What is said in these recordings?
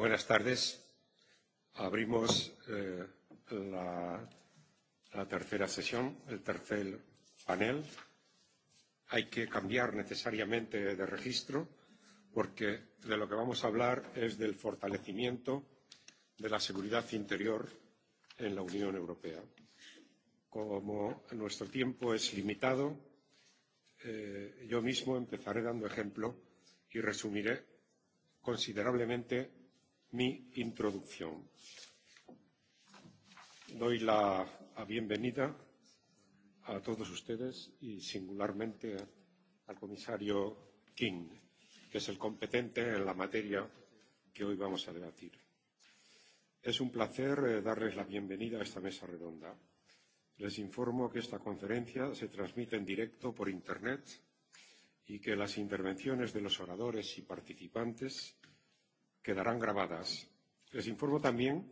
Buenas tardes. Abrimos eh, la, la tercera sesión, el tercer panel. Hay que cambiar necesariamente de registro porque de lo que vamos a hablar es del fortalecimiento de la seguridad interior en la Unión Europea. Como nuestro tiempo es limitado, eh, yo mismo empezaré dando ejemplo y resumiré considerablemente mi introducción. Doy la bienvenida a todos ustedes y singularmente al comisario King, que es el competente en la materia que hoy vamos a debatir. Es un placer eh, darles la bienvenida a esta mesa redonda. Les informo que esta conferencia se transmite en directo por Internet y que las intervenciones de los oradores y participantes quedarán grabadas. Les informo también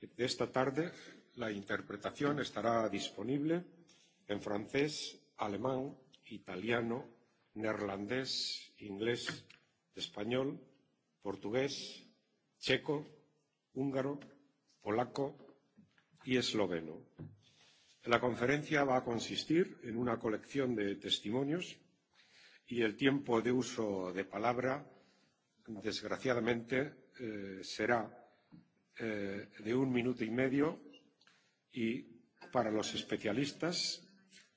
que de esta tarde la interpretación estará disponible en francés, alemán, italiano, neerlandés, inglés, español, portugués, checo, húngaro, polaco y esloveno. La conferencia va a consistir en una colección de testimonios y el tiempo de uso de palabra desgraciadamente, eh, será eh, de un minuto y medio y para los especialistas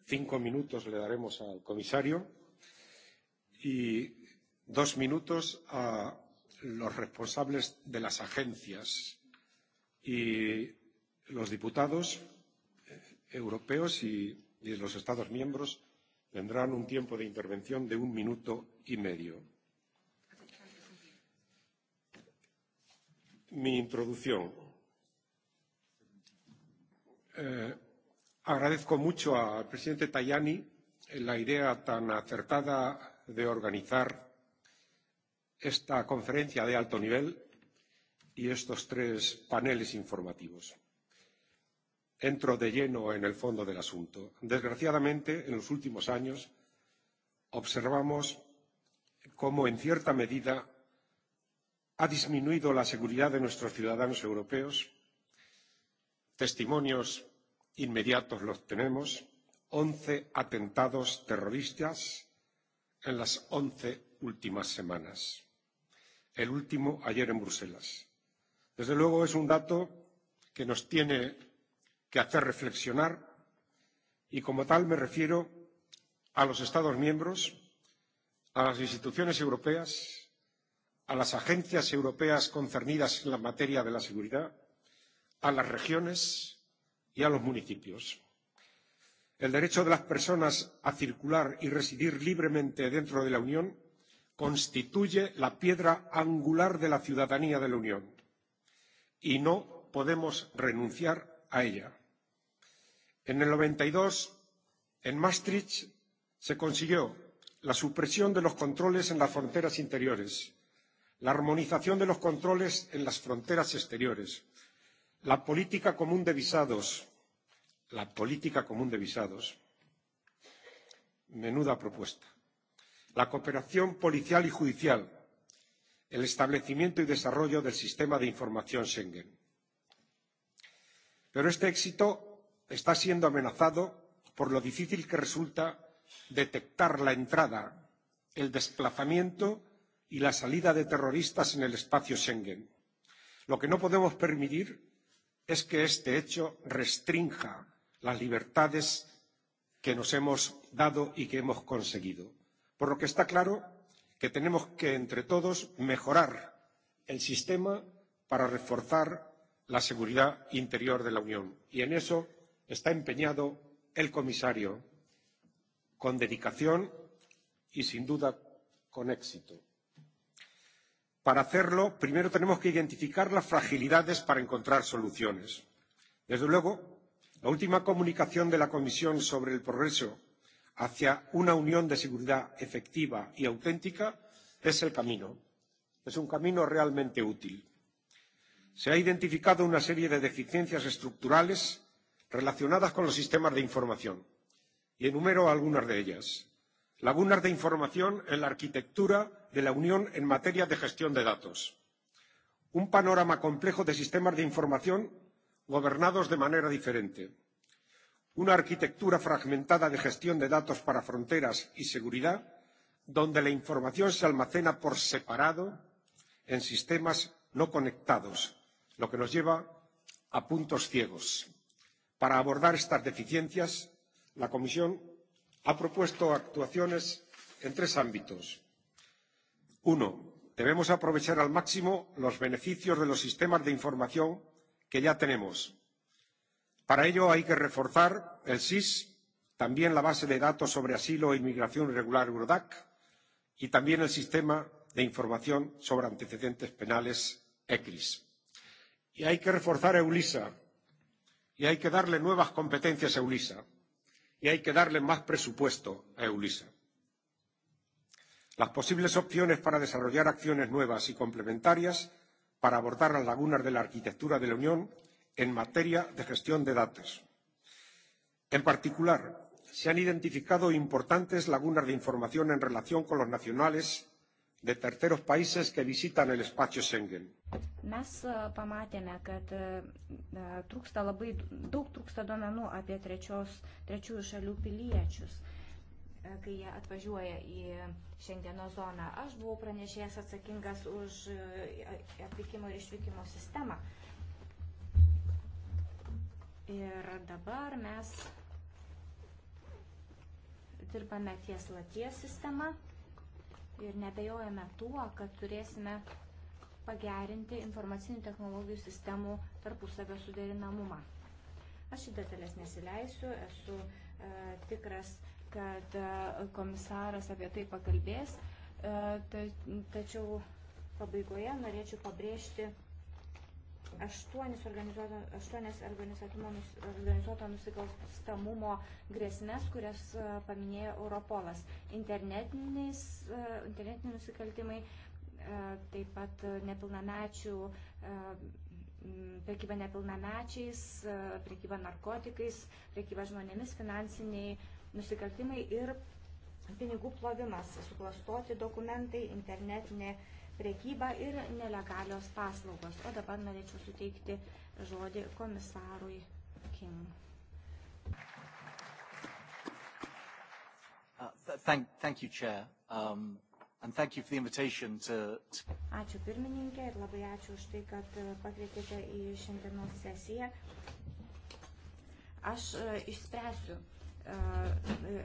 cinco minutos le daremos al comisario y dos minutos a los responsables de las agencias y los diputados eh, europeos y, y los Estados miembros tendrán un tiempo de intervención de un minuto y medio. mi introducción. Eh, agradezco mucho al presidente Tajani la idea tan acertada de organizar esta conferencia de alto nivel y estos tres paneles informativos. Entro de lleno en el fondo del asunto. Desgraciadamente, en los últimos años observamos cómo, en cierta medida, ha disminuido la seguridad de nuestros ciudadanos europeos. Testimonios inmediatos los tenemos. 11 atentados terroristas en las 11 últimas semanas. El último ayer en Bruselas. Desde luego es un dato que nos tiene que hacer reflexionar y como tal me refiero a los Estados miembros, a las instituciones europeas a las agencias europeas concernidas en la materia de la seguridad, a las regiones y a los municipios. El derecho de las personas a circular y residir libremente dentro de la Unión constituye la piedra angular de la ciudadanía de la Unión y no podemos renunciar a ella. En el 92, en Maastricht, se consiguió la supresión de los controles en las fronteras interiores la armonización de los controles en las fronteras exteriores, la política común de visados, la política común de visados, menuda propuesta, la cooperación policial y judicial, el establecimiento y desarrollo del sistema de información Schengen. Pero este éxito está siendo amenazado por lo difícil que resulta detectar la entrada, el desplazamiento y la salida de terroristas en el espacio Schengen. Lo que no podemos permitir es que este hecho restrinja las libertades que nos hemos dado y que hemos conseguido. Por lo que está claro que tenemos que, entre todos, mejorar el sistema para reforzar la seguridad interior de la Unión. Y en eso está empeñado el comisario, con dedicación y, sin duda, con éxito. Para hacerlo, primero tenemos que identificar las fragilidades para encontrar soluciones. Desde luego, la última comunicación de la Comisión sobre el progreso hacia una unión de seguridad efectiva y auténtica es el camino. Es un camino realmente útil. Se ha identificado una serie de deficiencias estructurales relacionadas con los sistemas de información y enumero algunas de ellas lagunas de información en la arquitectura de la Unión en materia de gestión de datos, un panorama complejo de sistemas de información gobernados de manera diferente, una arquitectura fragmentada de gestión de datos para fronteras y seguridad, donde la información se almacena por separado en sistemas no conectados, lo que nos lleva a puntos ciegos. Para abordar estas deficiencias, la Comisión ha propuesto actuaciones en tres ámbitos. Uno, debemos aprovechar al máximo los beneficios de los sistemas de información que ya tenemos. Para ello hay que reforzar el SIS, también la base de datos sobre asilo e inmigración irregular Eurodac y también el sistema de información sobre antecedentes penales ECRIS. Y hay que reforzar EULISA y hay que darle nuevas competencias a EULISA y hay que darle más presupuesto a EULISA. Las posibles opciones para desarrollar acciones nuevas y complementarias para abordar las lagunas de la arquitectura de la Unión en materia de gestión de datos. En particular, se han identificado importantes lagunas de información en relación con los nacionales de terceros países que visitan el espacio Schengen Mes e, pamatėme, kad e, e, trūksta labai daug trūksta duomenų apie trečios, trečiųjų šalių piliečius, kai jie atvažiuoja į Šengeno zoną. Aš buvau pranešėjęs atsakingas už atvykimo ir išvykimo sistemą. Ir dabar mes dirbame ties laties sistema ir nebejojame tuo, kad turėsime pagerinti informacinių technologijų sistemų tarpusavio suderinamumą. Aš į detalės nesileisiu, esu e, tikras, kad e, komisaras apie tai pakalbės, e, ta, tačiau pabaigoje norėčiau pabrėžti aštuonis organizuoto nusikalstamumo grėsmės, kurias e, paminėjo Europolas. E, internetiniai nusikaltimai, E, taip pat nepilnamečių e, prekyba nepilnamečiais, e, prekyba narkotikais, prekyba žmonėmis, finansiniai nusikaltimai ir pinigų plovimas, suklastoti dokumentai, internetinė prekyba ir nelegalios paslaugos. O dabar norėčiau suteikti žodį komisarui King. Uh, th thank, thank you, Chair. Um, Ačiū pirmininkė ir labai ačiū už tai, kad e, pakvietėte į šiandienos sesiją. Aš e, išspręsiu, e,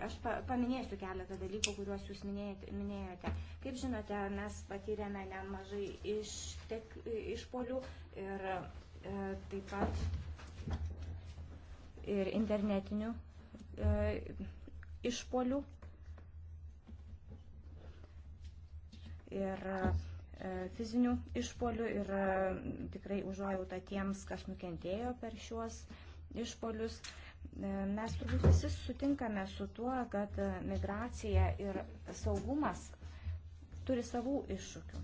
aš paminėsiu keletą dalykų, kuriuos jūs minėjote. Kaip žinote, mes patyrėme nemažai ištek, išpolių ir taip pat ir internetinių išpolių ir e, fizinių išpolių ir e, tikrai užuojautą tiems, kas nukentėjo per šiuos išpolius. E, mes turbūt visi sutinkame su tuo, kad migracija ir saugumas turi savų iššūkių.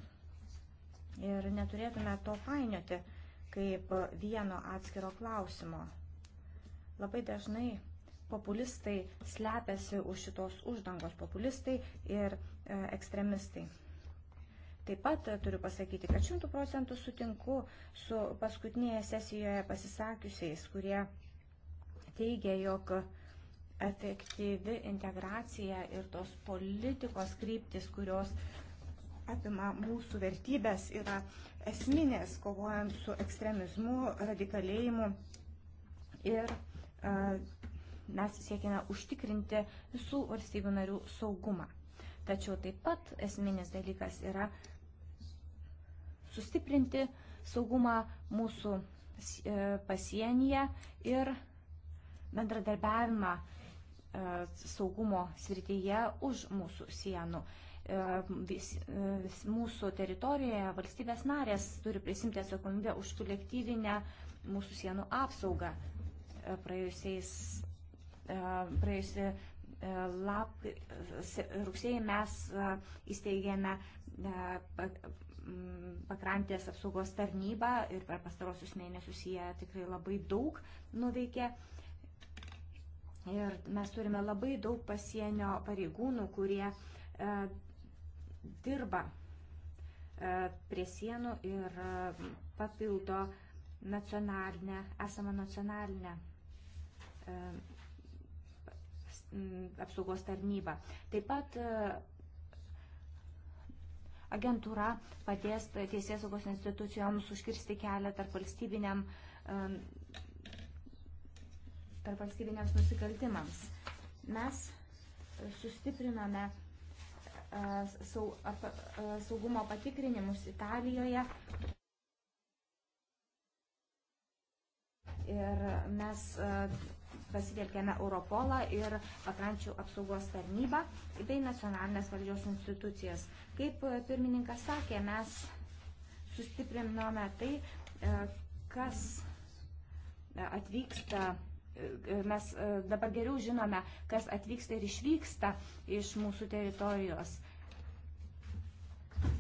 Ir neturėtume to painioti kaip vieno atskiro klausimo. Labai dažnai populistai slepiasi už šitos uždangos, populistai ir ekstremistai. Taip pat e, turiu pasakyti, kad šimtų procentų sutinku su paskutinėje sesijoje pasisakiusiais, kurie teigia, jog efektyvi integracija ir tos politikos kryptis, kurios apima mūsų vertybės, yra esminės kovojant su ekstremizmu, radikalėjimu ir a, e, mes siekime užtikrinti visų valstybių narių saugumą. Tačiau taip pat esminis dalykas yra sustiprinti saugumą mūsų e, pasienyje ir bendradarbiavimą e, saugumo srityje už mūsų sienų. E, vis, vis, mūsų teritorijoje valstybės narės turi prisimti atsakomybę už kolektyvinę mūsų sienų apsaugą. Praėjusiais, praėjusi E, lap, rugsėjai mes e, įsteigėme e, pakrantės apsaugos tarnybą ir per pastarosius mėnesius jie tikrai labai daug nuveikė. Ir mes turime labai daug pasienio pareigūnų, kurie e, dirba e, prie sienų ir e, papildo nacionalinę, esamą nacionalinę e, Mm, apsaugos tarnybą. Taip pat e, agentūra padės teisės saugos institucijoms užkirsti kelią tarp valstybiniam e, tarp valstybiniams nusikaltimams. Mes sustiprinome e, saugumo patikrinimus Italijoje. Ir mes pasitelkėme Europolą ir pakrančių apsaugos tarnybą bei nacionalinės valdžios institucijas. Kaip e, pirmininkas sakė, mes sustiprinome tai, e, kas e, atvyksta mes dabar geriau žinome, kas atvyksta ir išvyksta iš mūsų teritorijos.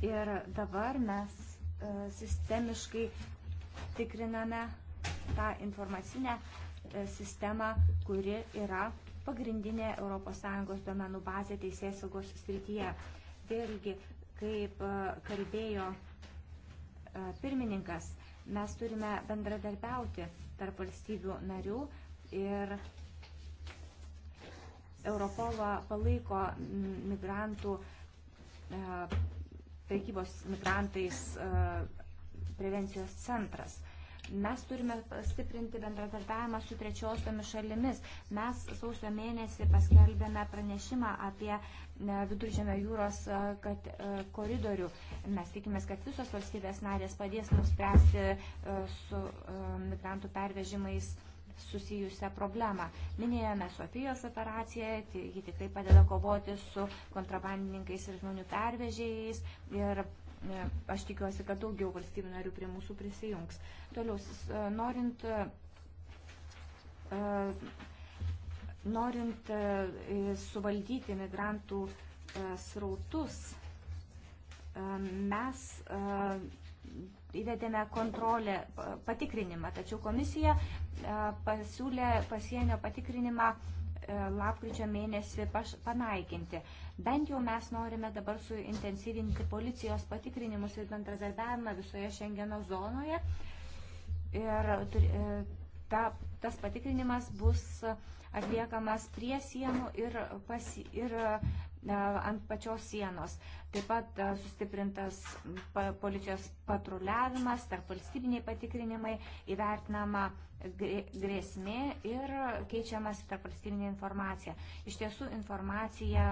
Ir dabar mes sistemiškai tikriname tą informacinę E, sistemą, kuri yra pagrindinė ES duomenų bazė teisėsaugos srityje. Vėlgi, kaip e, kalbėjo e, pirmininkas, mes turime bendradarbiauti tarp valstybių narių ir Europolą palaiko migrantų, prekybos migrantais prevencijos centras. Mes turime stiprinti bendradarbiavimą su trečiosiomis šalimis. Mes sausio mėnesį paskelbėme pranešimą apie e, viduržėmio jūros e, kad, e, koridorių. Mes tikimės, kad visos valstybės narės padės mums spręsti su migrantų pervežimais susijusią problemą. Minėjome Sofijos operaciją, ji tikrai padeda kovoti su kontrabandininkais ir žmonių pervežėjais ir Aš tikiuosi, kad daugiau valstybių narių prie mūsų prisijungs. Toliau, norint e, norint e, suvaldyti migrantų e, srautus, mes įvedėme kontrolę patikrinimą, tačiau komisija pasiūlė pasienio patikrinimą E, lapkričio mėnesį panaikinti. Bent jau mes norime dabar suintensyvinti policijos patikrinimus ir bendradarbiavimą visoje Šengeno zonoje. Ir e, ta, tas patikrinimas bus atliekamas prie sienų ir, pasi, ir E, ant pačios sienos. Taip pat e, sustiprintas policijos patruliavimas, tarp valstybiniai patikrinimai, įvertinama grėsmė ir keičiamas tarp valstybinė informacija. Iš tiesų informacija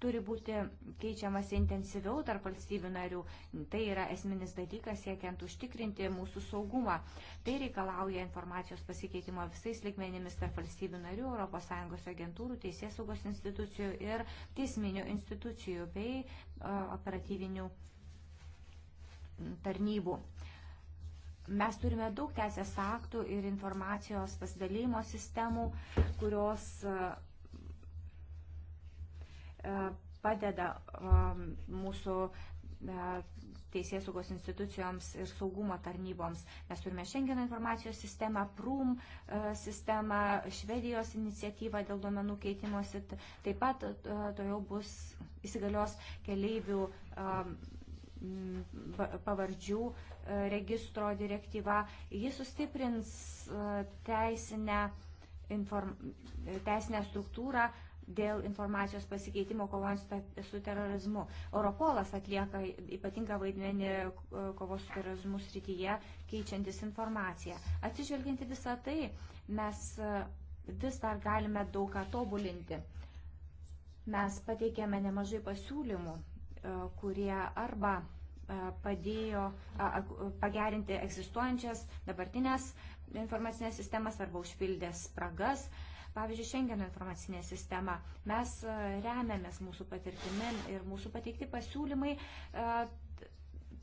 turi būti keičiamas intensyviau tarp valstybių narių. Tai yra esminis dalykas siekiant užtikrinti mūsų saugumą. Tai reikalauja informacijos pasikeitimo visais ligmenimis tarp valstybių narių, ES agentūrų, teisės saugos institucijų ir teisminių institucijų bei operatyvinių tarnybų. Mes turime daug teisės aktų ir informacijos pasidalymo sistemų, kurios E, padeda e, mūsų e, teisės saugos institucijoms ir saugumo tarnyboms. Mes turime Schengeno informacijos sistemą, PRUM sistemą, Švedijos iniciatyvą dėl duomenų keitimosi. Taip pat to jau bus įsigalios keleivių pavardžių registro direktyva. Jis sustiprins teisinę, inform, teisinę struktūrą dėl informacijos pasikeitimo kovant su terorizmu. Europolas atlieka ypatingą vaidmenį e, kovos su terorizmu srityje, keičiantis informaciją. Atsižvelginti visą tai, mes e, vis dar galime daug ką tobulinti. Mes pateikėme nemažai pasiūlymų, e, kurie arba padėjo pagerinti egzistuojančias dabartinės informacinės sistemas arba užpildė spragas, uh, Pavyzdžiui, Schengeno informacinė sistema. Mes e, remiamės mūsų patirtimi ir mūsų pateikti pasiūlymai e,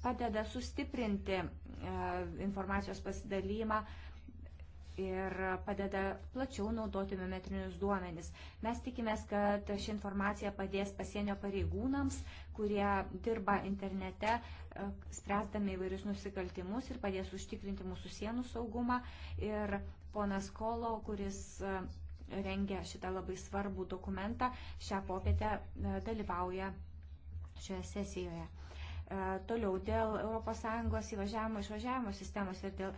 padeda sustiprinti e, informacijos pasidalymą ir padeda plačiau naudoti biometrinius duomenis. Mes tikimės, kad ši informacija padės pasienio pareigūnams, kurie dirba internete, spręsdami įvairius nusikaltimus ir padės užtikrinti mūsų sienų saugumą. Ir ponas Kolo, kuris rengia šitą labai svarbų dokumentą, šią popietę e, dalyvauja šioje sesijoje. E, toliau dėl ES įvažiavimo išvažiavimo sistemos ir dėl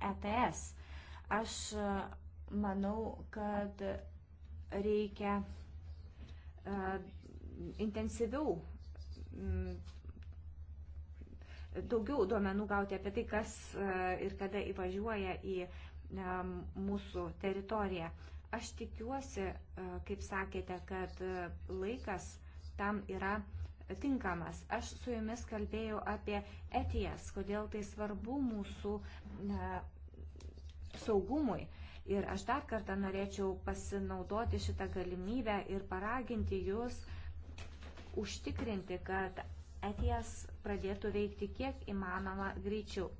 ETS. E Aš manau, kad reikia intensyviau daugiau duomenų gauti apie tai, kas ir kada įvažiuoja į mūsų teritoriją. Aš tikiuosi, e, kaip sakėte, kad e, laikas tam yra tinkamas. Aš su jumis kalbėjau apie etijas, kodėl tai svarbu mūsų e, saugumui. Ir aš dar kartą norėčiau pasinaudoti šitą galimybę ir paraginti jūs užtikrinti, kad etijas pradėtų veikti kiek įmanoma greičiau.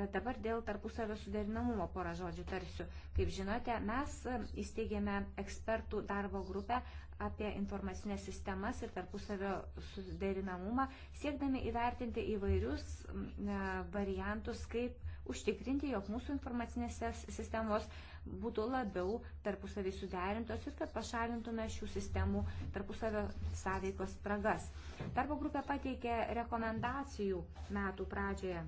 E, dabar dėl tarpusavio suderinamumo porą žodžių tarsiu. Kaip žinote, mes e, įsteigėme ekspertų darbo grupę apie informacinės sistemas ir tarpusavio suderinamumą, siekdami įvertinti įvairius e, variantus, kaip užtikrinti, jog mūsų informacinės sistemos būtų labiau tarpusavį suderintos ir kad pašalintume šių sistemų tarpusavio sąveikos spragas. Darbo grupė pateikė rekomendacijų metų pradžioje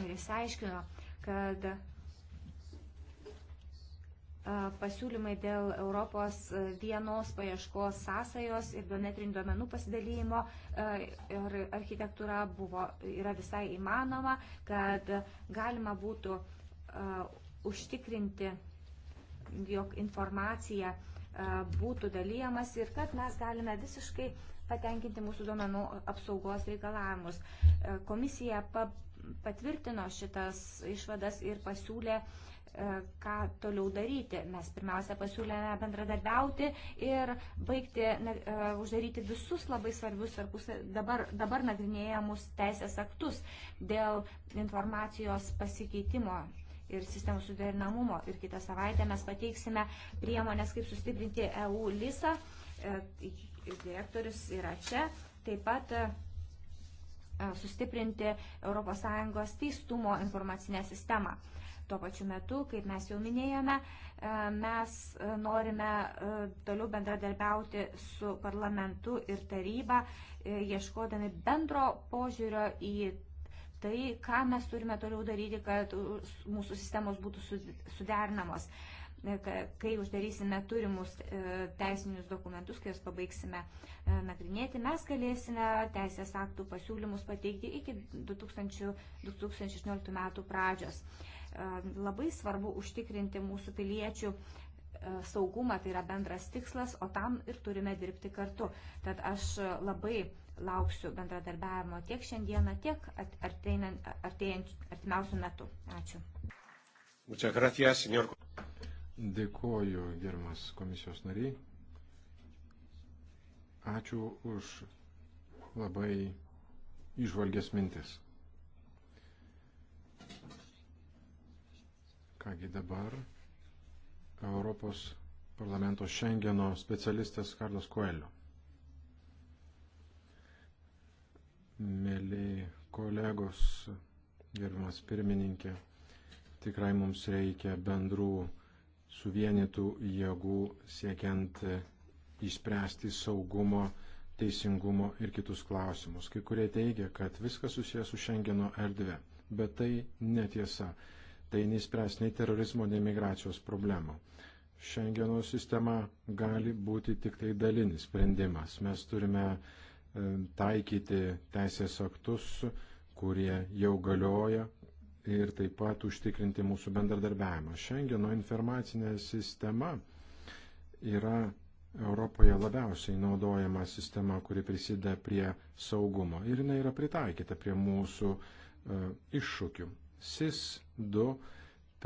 ir išsiaiškino, kad pasiūlymai dėl Europos vienos paieškos sąsajos ir biometrinių duomenų pasidalymo ir architektūra buvo, yra visai įmanoma, kad galima būtų užtikrinti, jog informacija būtų dalyjamas ir kad mes galime visiškai patenkinti mūsų duomenų apsaugos reikalavimus. Komisija patvirtino šitas išvadas ir pasiūlė e, ką toliau daryti. Mes pirmiausia pasiūlėme bendradarbiauti ir baigti, uh, uždaryti visus labai svarbius svarbus dabar, dabar nagrinėjamus teisės aktus dėl informacijos pasikeitimo ir sistemų suderinamumo. Ir kitą savaitę mes pateiksime priemonės, kaip sustiprinti EU LISA. Uh, e, direktorius yra čia. Taip pat uh, E, sustiprinti ES teistumo informacinę sistemą. Tuo pačiu metu, kaip mes jau minėjome, e, mes e, norime toliau bendradarbiauti su parlamentu ir taryba, ieškodami bendro požiūrio į tai, ką mes turime toliau daryti, kad mūsų sistemos būtų suderinamos. E, kai uždarysime turimus e, teisinius dokumentus, kai juos pabaigsime e, nagrinėti, mes galėsime teisės aktų pasiūlymus pateikti iki 2000, 2016 metų pradžios. Labai svarbu užtikrinti mūsų piliečių saugumą, tai yra bendras tikslas, o tam ir turime dirbti kartu. Tad aš labai lauksiu bendradarbiavimo tiek šiandieną, tiek artėjant, artėjant, artimiausių metų. Ačiū. Muchas gracias, señor. Dėkoju, gerbiamas komisijos nariai. Ačiū už labai išvalgės mintis. Kągi dabar Europos parlamento Šengeno specialistas Karlas Koelio. Mėly kolegos, gerbiamas pirmininkė, tikrai mums reikia bendrų suvienytų jėgų siekiant e, išspręsti saugumo, teisingumo ir kitus klausimus. Kai kurie teigia, kad viskas susijęs su Šengeno erdve, bet tai netiesa. Tai neįspręs nei terorizmo, nei migracijos problemų. Šengeno sistema gali būti tik tai dalinis sprendimas. Mes turime e, taikyti teisės aktus, kurie jau galioja, ir taip pat užtikrinti mūsų bendradarbiavimą. Šengeno informacinė sistema yra Europoje labiausiai naudojama sistema, kuri prisideda prie saugumo ir jinai yra pritaikyta prie mūsų e, iššūkių. SIS 2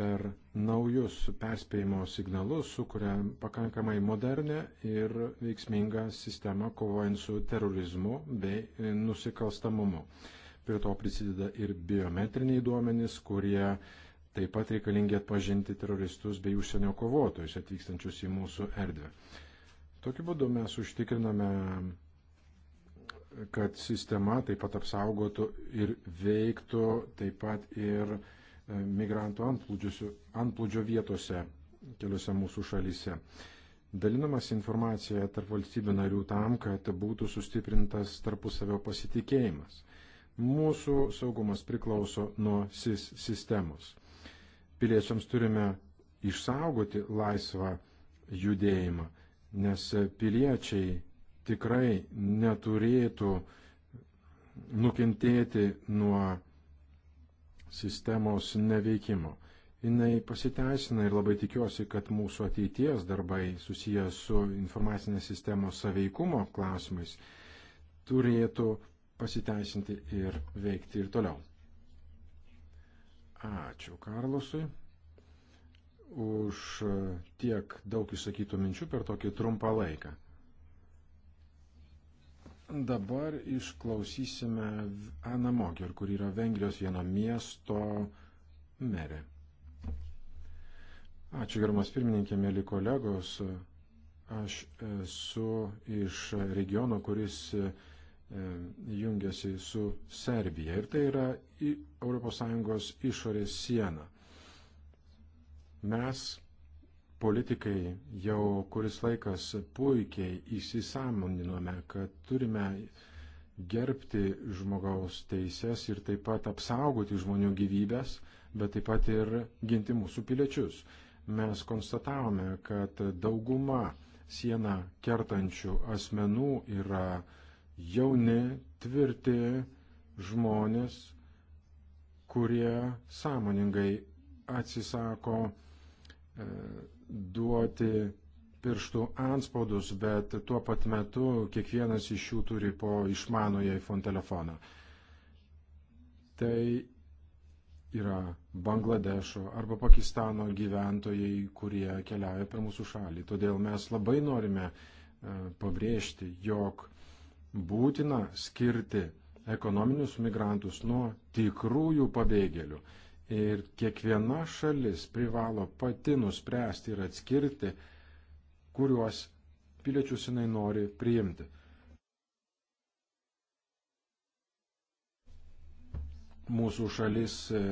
per naujus perspėjimo signalus sukuria pakankamai modernę ir veiksmingą sistemą kovojant su terorizmu bei nusikalstamumu. E, Prie to prisideda ir biometriniai duomenys, kurie taip pat reikalingi atpažinti teroristus bei užsienio kovotojus atvykstančius į mūsų erdvę. Tokiu būdu mes užtikriname, kad sistema taip pat apsaugotų ir veiktų taip pat ir e, migrantų antplūdžio vietose keliose mūsų šalyse. Dalinamas informacija tarp valstybių narių tam, kad būtų sustiprintas tarpusavio pasitikėjimas. Mūsų saugumas priklauso nuo SIS sistemos. Piliečiams turime išsaugoti laisvą judėjimą, nes piliečiai tikrai neturėtų nukentėti nuo sistemos neveikimo jinai pasiteisina ir labai tikiuosi, kad mūsų ateities darbai susijęs su informacinės sistemos saveikumo klausimais turėtų pasiteisinti ir veikti ir toliau. Ačiū Karlosui už tiek daug išsakytų minčių per tokį trumpą laiką. Dabar išklausysime Aną Moger, kur yra Vengrijos vieno miesto merė. Ačiū germas pirmininkė, mėly kolegos. Aš esu iš regiono, kuris E, jungiasi su Serbija ir tai yra ES išorės siena. Mes, politikai, jau kuris laikas puikiai įsisamoninome, kad turime gerbti žmogaus teises ir taip pat apsaugoti žmonių gyvybės, bet taip pat ir ginti mūsų piliečius. Mes konstatavome, kad dauguma sieną kertančių asmenų yra jauni, tvirti žmonės, kurie sąmoningai atsisako e, duoti pirštų anspaudus, bet tuo pat metu kiekvienas iš jų turi po išmanoją iPhone telefoną. Tai yra Bangladešo arba Pakistano gyventojai, kurie keliauja per mūsų šalį. Todėl mes labai norime e, pabrėžti, jog būtina skirti ekonominius migrantus nuo tikrųjų pabėgėlių. Ir kiekviena šalis privalo pati nuspręsti ir atskirti, kuriuos piliečius jinai nori priimti. Mūsų šalis e,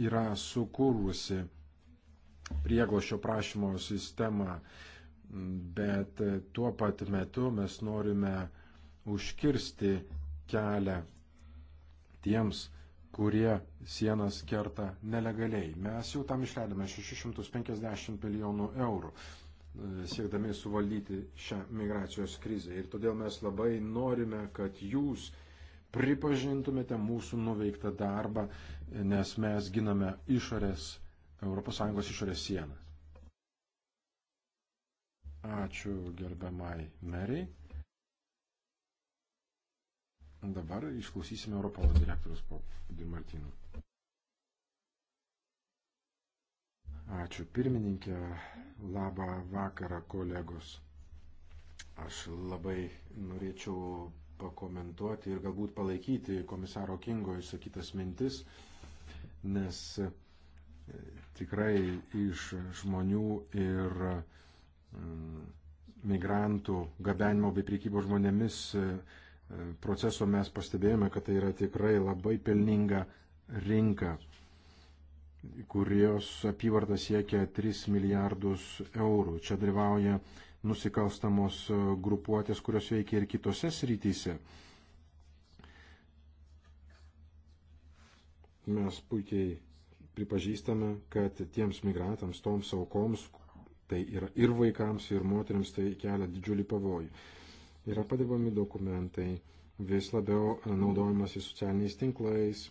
yra sukūrusi prieglošio prašymo sistemą, bet e, tuo pat metu mes norime užkirsti kelią tiems, kurie sienas kerta nelegaliai. Mes jau tam išleidome 650 milijonų eurų e, siekdami suvaldyti šią migracijos krizę. Ir todėl mes labai norime, kad jūs pripažintumėte mūsų nuveiktą darbą, nes mes giname išorės, ES išorės sienas. Ačiū gerbiamai meriai. Dabar išklausysime Europolo direktorius Papadį Martinų. Ačiū pirmininkė, labą vakarą kolegos. Aš labai norėčiau pakomentuoti ir galbūt palaikyti komisaro Kingo išsakytas mintis, nes e, tikrai iš žmonių ir mm, migrantų gabenimo bei priekybo žmonėmis e, proceso mes pastebėjome, kad tai yra tikrai labai pelninga rinka, kurios apyvarta siekia 3 milijardus eurų. Čia dalyvauja nusikalstamos grupuotės, kurios veikia ir kitose srityse. Mes puikiai pripažįstame, kad tiems migrantams, toms aukoms, tai yra ir vaikams, ir moteriams tai kelia didžiulį pavojų yra padirbami dokumentai, vis labiau e, naudojamas į socialiniais tinklais.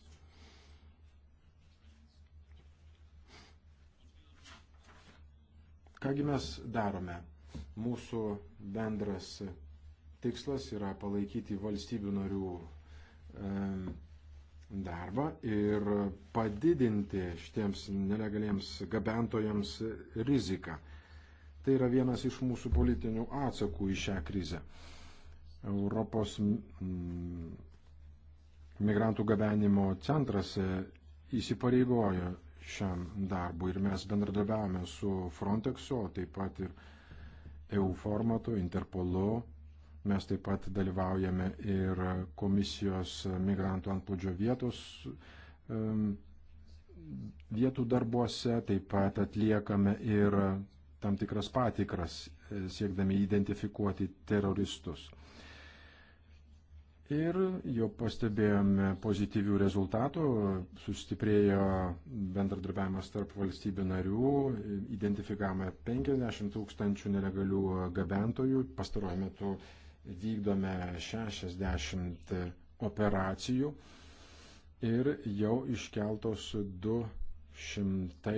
Kągi mes darome? Mūsų bendras tikslas yra palaikyti valstybių narių e, darbą ir padidinti šitiems nelegaliems gabentojams riziką. Tai yra vienas iš mūsų politinių atsakų į šią krizę. Europos migrantų gabenimo centras e, įsipareigojo šiam darbui ir mes bendradarbiavome su Frontexu, taip pat ir EU formatu, Interpolu. Mes taip pat dalyvaujame ir komisijos migrantų antplūdžio vietos vietų darbuose, taip pat atliekame ir tam tikras patikras, e, siekdami identifikuoti teroristus. Ir jau pastebėjome pozityvių rezultatų, sustiprėjo bendradarbiavimas tarp valstybių narių, identifikavome 50 tūkstančių nelegalių gabentojų, pastaruoju metu vykdome 60 operacijų ir jau iškeltos 200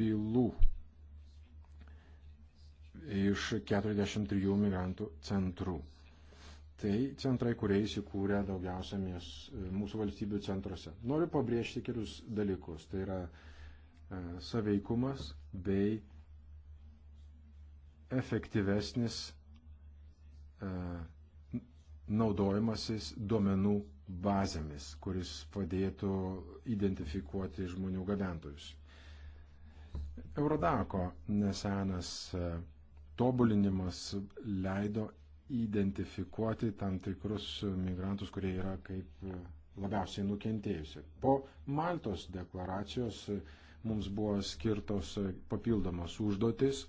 bylų iš 43 migrantų centrų. Tai centrai, kurie įsikūrė daugiausia mies, e, mūsų valstybių centruose. Noriu pabrėžti kelius dalykus. Tai yra e, saveikumas bei efektyvesnis e, naudojimasis duomenų bazėmis, kuris padėtų identifikuoti žmonių gabentojus. Eurodako nesenas tobulinimas leido identifikuoti tam tikrus migrantus, kurie yra kaip labiausiai nukentėjusi. Po Maltos deklaracijos mums buvo skirtos papildomos užduotis,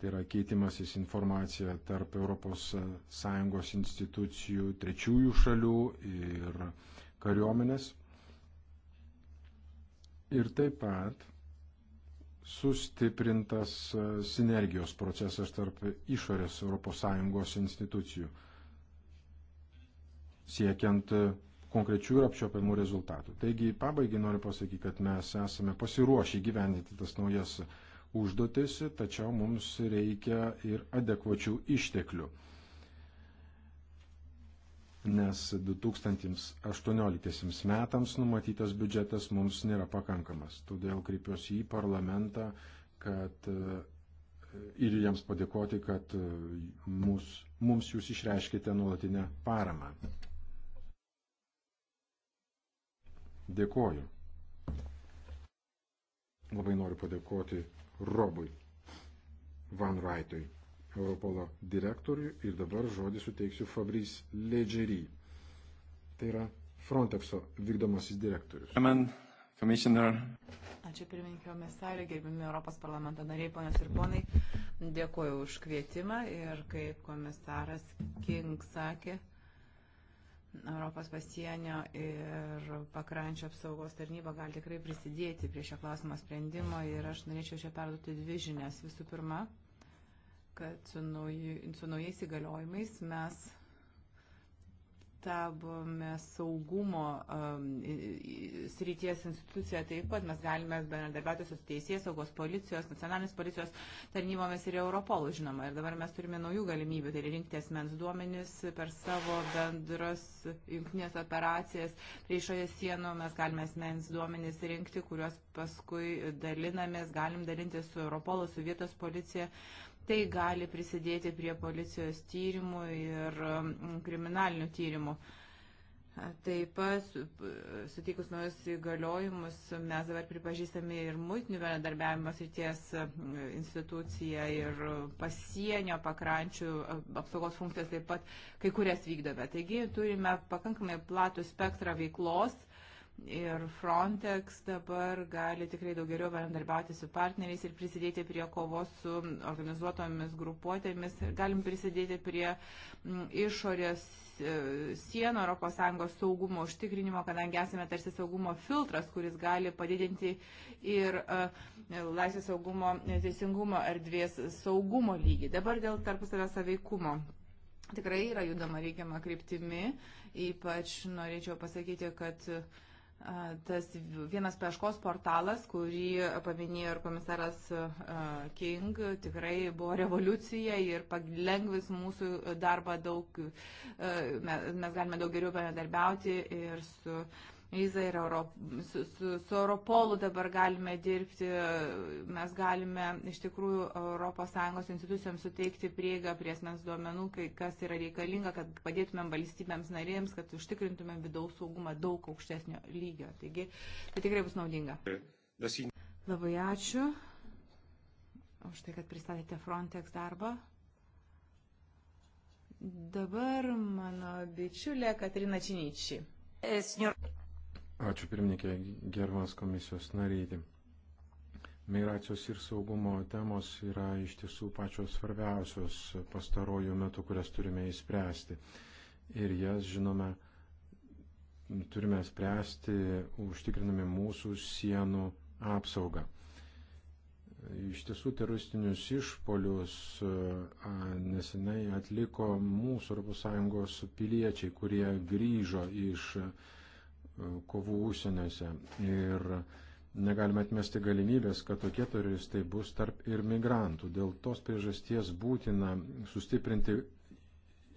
tai yra keitimasis informacija tarp ES institucijų, trečiųjų šalių ir kariuomenės. Ir taip pat sustiprintas e, sinergijos procesas tarp išorės ES institucijų, siekiant e, konkrečių ir apčiopiamų rezultatų. Taigi, pabaigai noriu pasakyti, kad mes esame pasiruošę gyvendinti tas naujas užduotis, tačiau mums reikia ir adekvačių išteklių nes 2018 metams numatytas biudžetas mums nėra pakankamas. Todėl kreipiuosi į parlamentą, kad e, ir jiems padėkoti, kad e, mus, mums jūs išreiškite nuolatinę paramą. Dėkoju. Labai noriu padėkoti Robui Van Raitui. Europolo direktoriui ir dabar žodį suteiksiu Fabrys Ledžery. Tai yra Frontexo vykdomasis direktorius. Amen. Commissioner. Ačiū pirmininkio mesarė, gerbimi Europos parlamento nariai, ponios ir ponai. Dėkuoju už kvietimą ir kaip komisaras King sakė, Europos pasienio ir pakrančio apsaugos tarnyba gali tikrai prisidėti prie šio klausimo sprendimo ir aš norėčiau čia perduoti dvi žinias. Visų pirma, kad su, nauji, su naujais įgaliojimais mes tabome saugumo um, srities instituciją taip pat, mes galime bendradarbiauti su teisės saugos policijos, nacionalinės policijos tarnybomis ir Europolų, žinoma. Ir dabar mes turime naujų galimybių, tai rinkti asmens duomenis per savo bendras jungtinės operacijas. Prie išorės sienų mes galime asmens duomenis rinkti, kuriuos paskui dalinamės, galim dalinti su Europolu, su vietos policija Tai gali prisidėti prie policijos tyrimų ir kriminalinių tyrimų. Taip pat, sutikus naujus įgaliojimus, mes dabar pripažįstame ir mūtinių bendradarbiavimo srities instituciją ir pasienio pakrančių apsaugos funkcijas taip pat kai kurias vykdome. Taigi turime pakankamai platų spektrą veiklos ir Frontex dabar gali tikrai daug geriau bendarbiauti su partneriais ir prisidėti prie kovos su organizuotomis grupuotėmis. Galim prisidėti prie mm, išorės e, sienų ES saugumo užtikrinimo, kadangi esame tarsi saugumo filtras, kuris gali padidinti ir e, laisvės saugumo teisingumo erdvės saugumo lygį. Dabar dėl tarpusavio saveikumo tikrai yra judama reikiama kryptimi. Ypač norėčiau pasakyti, kad uh, tas vienas paieškos portalas, kurį paminėjo ir komisaras King, tikrai buvo revoliucija ir palengvis mūsų darbą daug, mes galime daug geriau bendradarbiauti ir su Iza ir Euro, su, su, su Europolu dabar galime dirbti, mes galime iš tikrųjų ES institucijoms suteikti prieigą prie asmens duomenų, kai, kas yra reikalinga, kad padėtumėm valstybėms narėms, kad užtikrintumėm vidaus saugumą daug aukštesnio lygio. Taigi, tai tikrai bus naudinga. Labai ačiū už tai, kad pristatėte Frontex darbą. Dabar mano bičiulė Katrina Činyčiai. E, Ačiū pirmininkė, gerbamas komisijos naryti. Migracijos ir saugumo temos yra iš tiesų pačios svarbiausios pastarojų metų, kurias turime įspręsti. Ir jas, žinome, turime spręsti užtikrinami mūsų sienų apsaugą. Iš tiesų teroristinius išpolius nesenai atliko mūsų ES piliečiai, kurie grįžo iš kovų užsieniuose. Ir negalime atmesti galimybės, kad tokie teroristai bus tarp ir migrantų. Dėl tos priežasties būtina sustiprinti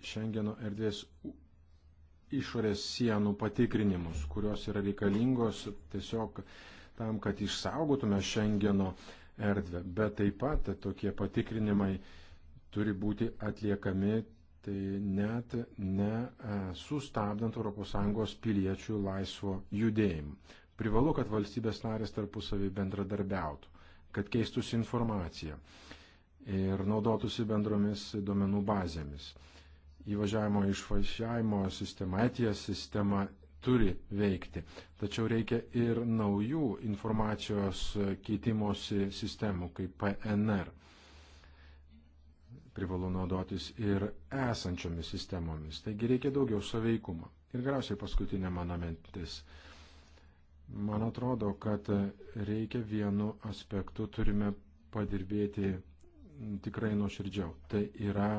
Šengeno erdvės išorės sienų patikrinimus, kurios yra reikalingos tiesiog tam, kad išsaugotume Šengeno erdvę. Bet taip pat tokie patikrinimai turi būti atliekami tai net nesustabdant e, ES piliečių laisvo judėjimo. Privalu, kad valstybės narės tarpusavį bendradarbiautų, kad keistųsi informacija ir naudotųsi bendromis duomenų bazėmis. Įvažiavimo išvažiavimo sistema, etijas sistema turi veikti. Tačiau reikia ir naujų informacijos keitimosi sistemų, kaip PNR privalu naudotis ir esančiomis sistemomis. Taigi reikia daugiau saveikumo. Ir galiausiai paskutinė mano mintis. Man atrodo, kad reikia vienu aspektu turime padirbėti tikrai nuoširdžiau. Tai yra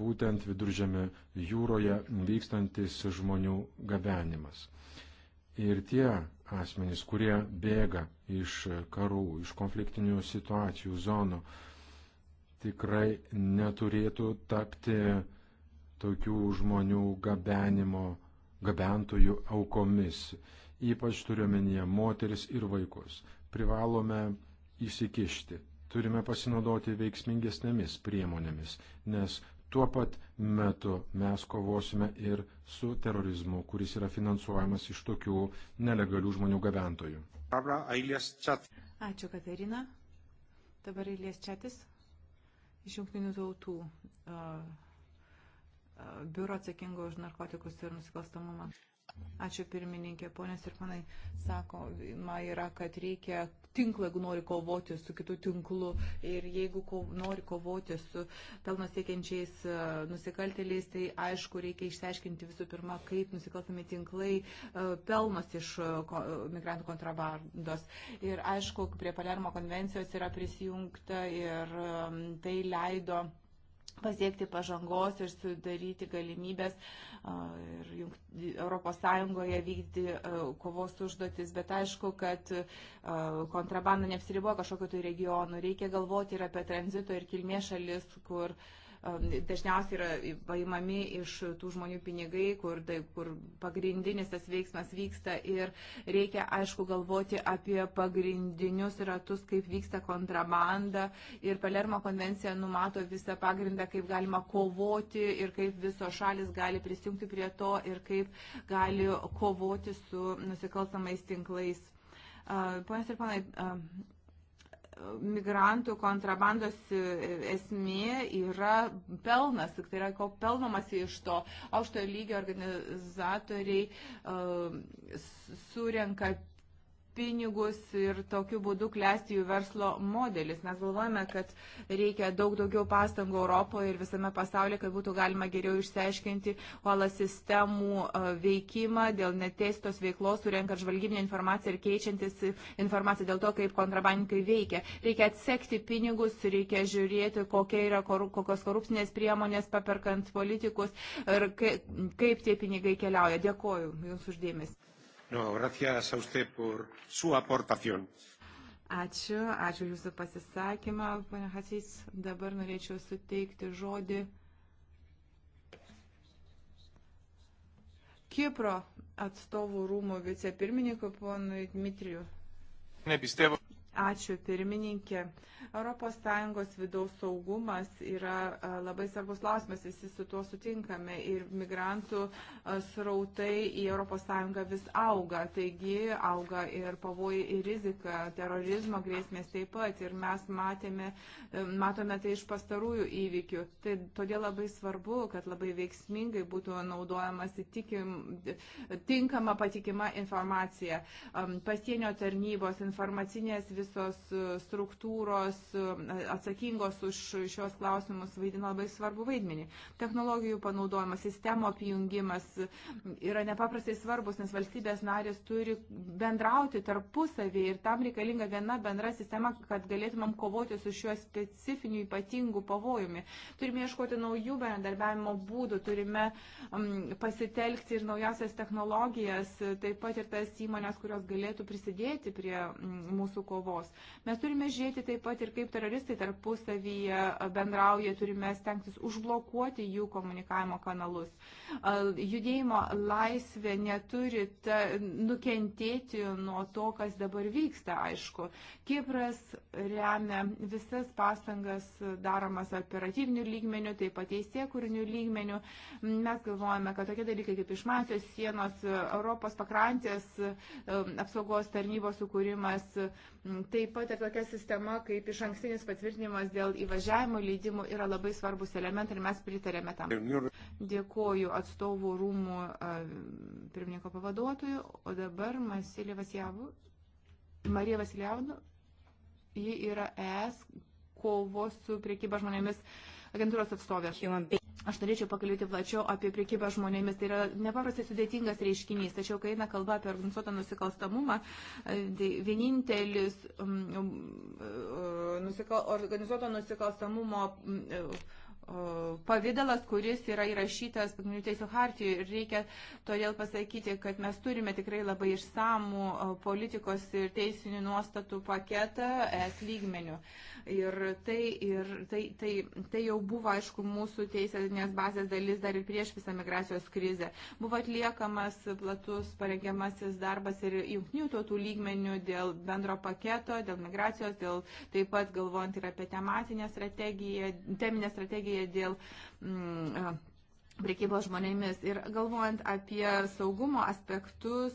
būtent viduržėme jūroje vykstantis žmonių gabenimas. Ir tie asmenys, kurie bėga iš karų, iš konfliktinių situacijų zonų, tikrai neturėtų tapti tokių žmonių gabenimo, gabentojų aukomis. Ypač turiuomenyje moteris ir vaikus. Privalome įsikišti. Turime pasinaudoti veiksmingesnėmis priemonėmis, nes tuo pat metu mes kovosime ir su terorizmu, kuris yra finansuojamas iš tokių nelegalių žmonių gabentojų. Ačiū, Katerina. Dabar eilės čatis iš jungtinių tautų biuro atsakingo už narkotikus ir nusikalstamumą. Ačiū pirmininkė, ponės ir panai, sako, ma yra, kad reikia tinklą, jeigu nori kovoti su kitu tinklu ir jeigu ko, nori kovoti su pelno siekiančiais e, nusikaltėliais, tai aišku, reikia išsiaiškinti visų pirma, kaip nusikaltami tinklai e, pelnos iš e, migrantų kontrabandos. Ir aišku, prie Palermo konvencijos yra prisijungta ir tai leido pasiekti pažangos ir sudaryti galimybės ir Europos Sąjungoje vykdyti kovos užduotis, bet aišku, kad kontrabanda neapsiribuoja kažkokiu tai regionu, reikia galvoti ir apie tranzito ir kilmės šalis, kur uh, dažniausiai yra paimami iš tų žmonių pinigai, kur, tai, kur pagrindinis tas veiksmas vyksta ir reikia, aišku, galvoti apie pagrindinius ratus, kaip vyksta kontrabanda ir Palermo konvencija numato visą pagrindą, kaip galima kovoti ir kaip visos šalis gali prisijungti prie to ir kaip gali kovoti su nusikalstamais tinklais. Uh, Ponas ir panai, uh, migrantų kontrabandos esmė yra pelnas, tai yra ko pelnomasi iš to aukšto lygio organizatoriai uh, surenka pinigus ir tokiu būdu klesti jų verslo modelis. Mes galvojame, kad reikia daug daugiau pastangų Europoje ir visame pasaulyje, kad būtų galima geriau išsiaiškinti OLA sistemų e, veikimą dėl neteistos veiklos, surenkant žvalgybinę informaciją ir keičiantis informaciją dėl to, kaip kontrabandininkai veikia. Reikia atsekti pinigus, reikia žiūrėti, kokie yra koru, kokios korupcinės priemonės, paperkant politikus ir kaip tie pinigai keliauja. Dėkoju Jums uždėmesi. No, gracias a usted por su aportación. Ačiū, ačiū Jūsų pasisakymą, pane Hasys. Dabar norėčiau suteikti žodį Kipro atstovų rūmų vicepirmininkui, ponui Dmitriju. Nepistėvo. Ačiū pirmininkė. ES vidaus saugumas yra e, labai svarbus klausimas, visi su tuo sutinkame ir migrantų e, srautai į ES vis auga, taigi auga ir pavojai ir rizika, terorizmo grėsmės taip pat ir mes matėme, e, matome tai iš pastarųjų įvykių. Tai todėl labai svarbu, kad labai veiksmingai būtų naudojamas tikim, tinkama patikima informacija. Pasienio tarnybos informacinės visuomenės visos e, struktūros e, atsakingos už šios klausimus vaidina labai svarbu vaidmenį. Technologijų panaudojimas, sistemo apjungimas yra nepaprastai svarbus, nes valstybės narės turi bendrauti tarpusavį ir tam reikalinga viena bendra sistema, kad galėtumėm kovoti su šiuo specifiniu ypatingu pavojumi. Turime ieškoti naujų bendarbiavimo būdų, turime um, pasitelkti ir naujasias technologijas, taip pat ir tas įmonės, kurios galėtų prisidėti prie mūsų kovos kovos. Mes turime žiūrėti taip pat ir kaip teroristai tarpusavyje bendrauja, turime stengtis užblokuoti jų komunikavimo kanalus. Judėjimo laisvė neturi ta, nukentėti nuo to, kas dabar vyksta, aišku. Kipras remia visas pastangas daromas operatyvinių lygmenių, taip pat teisėkūrinių lygmenių. Mes galvojame, kad tokie dalykai kaip išmasios sienos, Europos pakrantės apsaugos tarnybos sukūrimas, Taip pat ir tokia sistema kaip iš ankstinis patvirtinimas dėl įvažiavimo leidimų yra labai svarbus elementai ir mes pritarėme tam. Dėkoju atstovų rūmų pirmininko pavaduotojų, o dabar Masilė Vasiliavų. Marija Vasiliavų, ji yra ES kovos su priekyba žmonėmis agentūros atstovė. Aš norėčiau pakalbėti plačiau apie priekybą žmonėmis. Tai yra nepaprastai sudėtingas reiškinys. Tačiau, kai eina kalba apie organizuotą nusikalstamumą, e, tai vienintelis nusikal, mm, mm, e, organizuoto nusikalstamumo mm, e, pavydalas, kuris yra įrašytas pagrindinių teisų hartijoje. Ir reikia todėl pasakyti, kad mes turime tikrai labai išsamų politikos ir teisinių nuostatų paketą es lygmenių. Ir tai, ir tai, tai, tai jau buvo, aišku, mūsų teisinės bazės dalis dar ir prieš visą migracijos krizę. Buvo atliekamas platus parengiamasis darbas ir jungtinių tautų lygmenių dėl bendro paketo, dėl migracijos, dėl taip pat galvojant ir apie tematinę strategiją, teminę strategiją strategiją dėl mm, prekybos žmonėmis. Ir galvojant apie saugumo aspektus,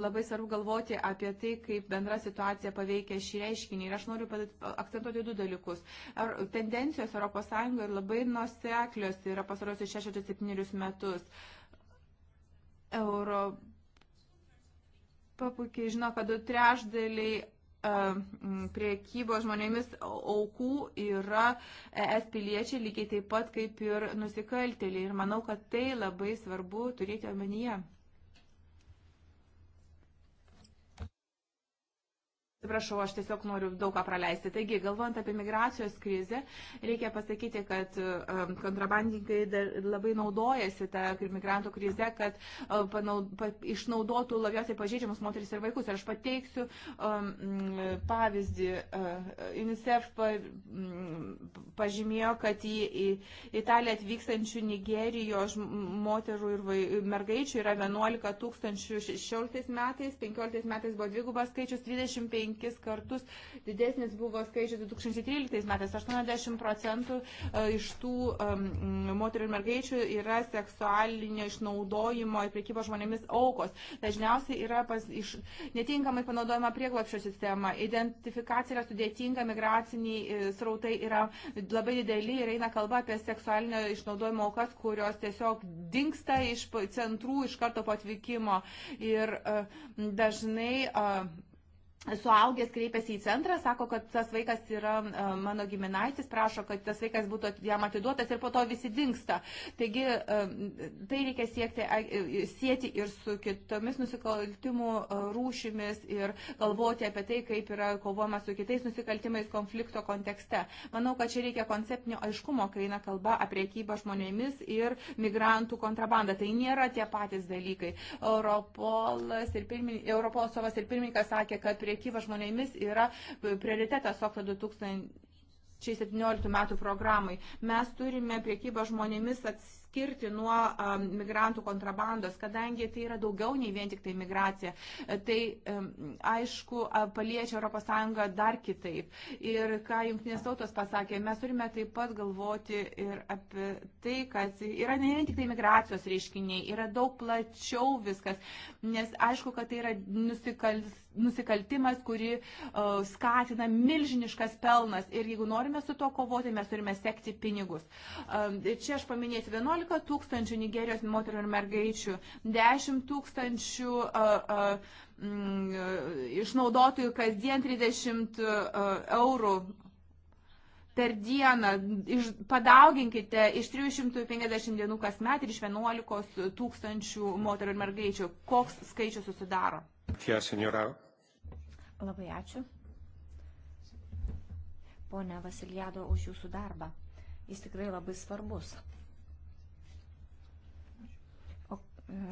labai svarbu galvoti apie tai, kaip bendra situacija paveikia šį reiškinį. Ir aš noriu akcentuoti du dalykus. Ar tendencijos ES ir labai nuseklios yra pasarosius 67 metus. Europa puikiai žino, kad du trešdaliai E, priekybo žmonėmis aukų yra es piliečiai lygiai taip pat kaip ir nusikaltėliai. Ir manau, kad tai labai svarbu turėti omenyje. Atsiprašau, aš tiesiog noriu daug ką praleisti. Taigi, galvojant apie migracijos krizę, reikia pasakyti, kad um, kontrabandininkai labai naudojasi tą migrantų krizę, kad uh, panaud, pa, išnaudotų labiausiai pažeidžiamus moteris ir vaikus. Ir aš pateiksiu um, pavyzdį. Uh, UNICEF pa, um, pažymėjo, kad į, į Italiją atvykstančių Nigerijos moterų ir vai, mergaičių yra 11 tūkstančių 16 metais, 15 metais buvo dvigubas skaičius 25 penkis kartus didesnis buvo skaičius 2013 metais. 80 procentų e, iš tų moterų ir mergaičių yra seksualinio išnaudojimo ir priekybo žmonėmis aukos. Dažniausiai yra pas, iš, netinkamai panaudojama prieglapščio sistema. Identifikacija yra sudėtinga, migraciniai e, srautai yra labai dideli ir eina kalba apie seksualinio išnaudojimo aukas, kurios tiesiog dinksta iš centrų iš karto po atvykimo. Ir e, dažnai suaugęs kreipiasi į centrą, sako, kad tas vaikas yra e, mano giminaitis, prašo, kad tas vaikas būtų jam atiduotas ir po to visi dinksta. Taigi e, tai reikia siekti, e, sieti ir su kitomis nusikaltimų rūšimis ir galvoti apie tai, kaip yra kovojama su kitais nusikaltimais konflikto kontekste. Manau, kad čia reikia konceptinio aiškumo, kai eina kalba apie priekybą žmonėmis ir migrantų kontrabandą. Tai nėra tie patys dalykai. Europolas ir pirmin... Europolsovas ir pirmininkas sakė, kad prie priekyba žmonėmis yra prioritetas OKLA 2017 metų programai. Mes turime priekybą žmonėmis atsitikti atskirti nuo um, migrantų kontrabandos, kadangi tai yra daugiau nei vien tik tai migracija. E, tai um, aišku, paliečia ES dar kitaip. Ir ką Junktinės tautos pasakė, mes turime taip pat galvoti ir apie tai, kad yra ne vien tik tai migracijos reiškiniai, yra daug plačiau viskas, nes aišku, kad tai yra nusikal, nusikaltimas, kuri uh, skatina milžiniškas pelnas. Ir jeigu norime su tuo kovoti, mes turime sekti pinigus. Um, čia aš paminėsiu 11 15 tūkstančių Nigerijos moterų ir mergaičių, 10 tūkstančių mm, išnaudotojų kasdien 30 eurų per dieną, iš, padauginkite iš 350 dienų kasmet ir iš 11 tūkstančių moterų ir mergaičių. Koks skaičius susidaro? Tia, senjora. Labai ačiū. Pone Vasiljado, už jūsų darbą. Jis tikrai labai svarbus. E,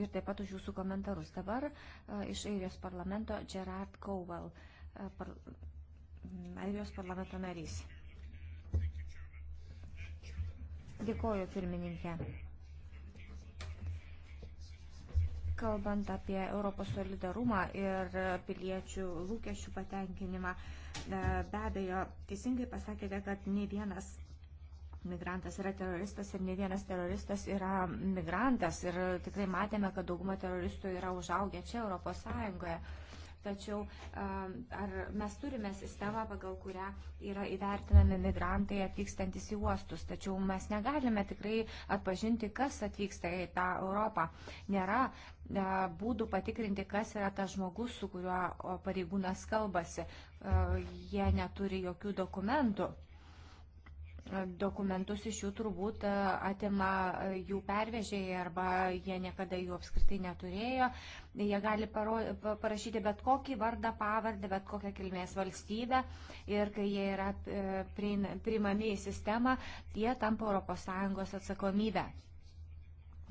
ir taip pat už jūsų komentarus. Dabar e, iš Airijos parlamento Gerard Cowell, e, par, Airijos parlamento narys. Dėkoju, pirmininkė. Kalbant apie Europos solidarumą ir piliečių lūkesčių patenkinimą, be abejo, teisingai pasakėte, kad ne vienas migrantas yra teroristas ir ne vienas teroristas yra migrantas. Ir tikrai matėme, kad dauguma teroristų yra užaugę čia Europos Sąjungoje. Tačiau ar mes turime sistemą, pagal kurią yra įvertinami migrantai atvykstantis į uostus, tačiau mes negalime tikrai atpažinti, kas atvyksta į tą Europą. Nėra būdų patikrinti, kas yra tas žmogus, su kuriuo pareigūnas kalbasi. Jie neturi jokių dokumentų dokumentus iš jų turbūt e, atima e, jų pervežėjai arba jie niekada jų apskritai neturėjo. Jie gali paro, parašyti bet kokį vardą, pavardę, bet kokią kilmės valstybę ir kai jie yra e, priimami į sistemą, jie tampa ES atsakomybę.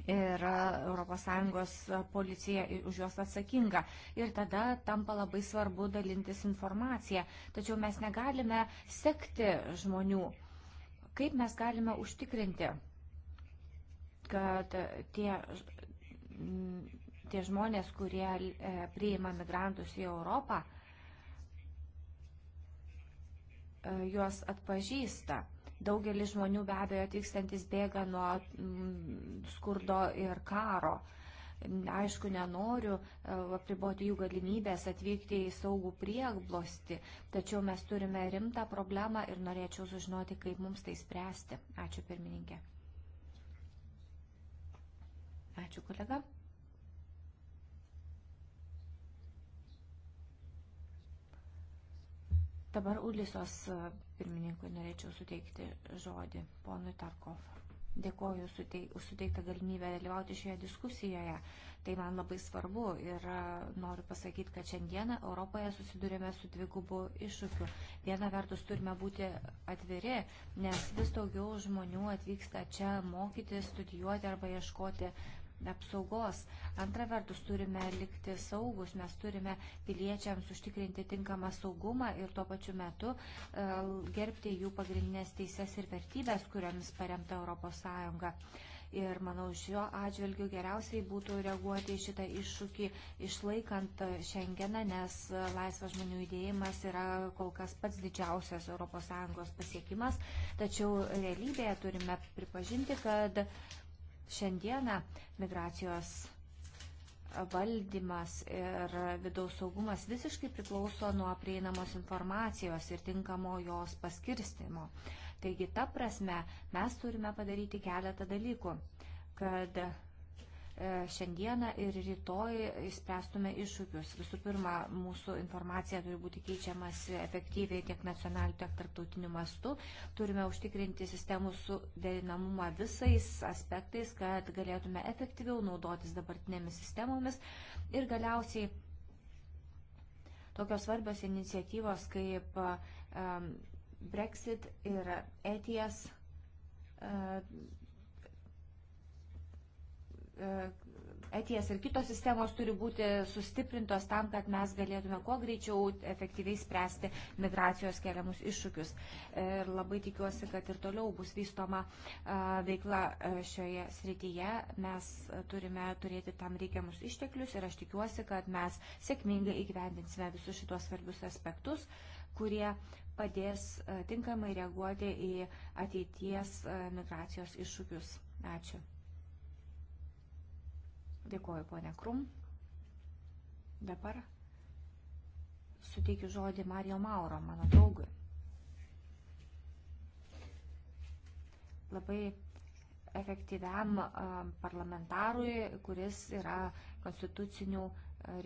Ir ES policija už juos atsakinga. Ir tada tampa labai svarbu dalintis informaciją. Tačiau mes negalime sekti žmonių Kaip mes galime užtikrinti, kad tie, tie žmonės, kurie e, priima migrantus į Europą, e, juos atpažįsta. Daugelis žmonių be abejo atvykstantis bėga nuo mm, skurdo ir karo. Aišku, nenoriu e, apriboti jų galimybės atvykti į saugų prieglosti, tačiau mes turime rimtą problemą ir norėčiau sužinoti, kaip mums tai spręsti. Ačiū pirmininkė. Ačiū kolega. Dabar Ulisos e, pirmininkui norėčiau suteikti žodį ponui Tarkovui. Dėkoju už suteiktą galimybę dalyvauti šioje diskusijoje. Tai man labai svarbu ir e, noriu pasakyti, kad šiandieną Europoje susidurėme su dvigubu iššūkiu. Viena vertus turime būti atviri, nes vis daugiau žmonių atvyksta čia mokyti, studijuoti arba ieškoti apsaugos. Antra vertus, turime likti saugus, mes turime piliečiams užtikrinti tinkamą saugumą ir tuo pačiu metu e, gerbti jų pagrindinės teises ir vertybės, kuriamis paremta ES. Ir manau, šiuo atžvilgiu geriausiai būtų reaguoti į šitą iššūkį išlaikant Šengeną, nes laisvas žmonių judėjimas yra kol kas pats didžiausias ES pasiekimas. Tačiau realybėje turime pripažinti, kad Šiandieną migracijos valdymas ir vidaus saugumas visiškai priklauso nuo prieinamos informacijos ir tinkamo jos paskirstimo. Taigi, ta prasme, mes turime padaryti keletą dalykų, kad E, šiandieną ir rytoj įspręstume iššūkius. Visų pirma, mūsų informacija turi būti keičiamas efektyviai tiek nacionaliniu, tiek tarptautiniu mastu. Turime užtikrinti sistemų suderinamumą visais aspektais, kad galėtume efektyviau naudotis dabartinėmis sistemomis. Ir galiausiai tokios svarbios iniciatyvos kaip e, Brexit ir ETS e, ETS ir kitos sistemos turi būti sustiprintos tam, kad mes galėtume kuo greičiau efektyviai spręsti migracijos keliamus iššūkius. Ir labai tikiuosi, kad ir toliau bus vystoma veikla šioje srityje. Mes turime turėti tam reikiamus išteklius ir aš tikiuosi, kad mes sėkmingai įgyvendinsime visus šitos svarbius aspektus kurie padės tinkamai reaguoti į ateities migracijos iššūkius. Ačiū. Dėkuoju, ponė Krum. Dabar suteikiu žodį Mario Mauro, mano draugui. Labai efektyviam parlamentarui, kuris yra konstitucinių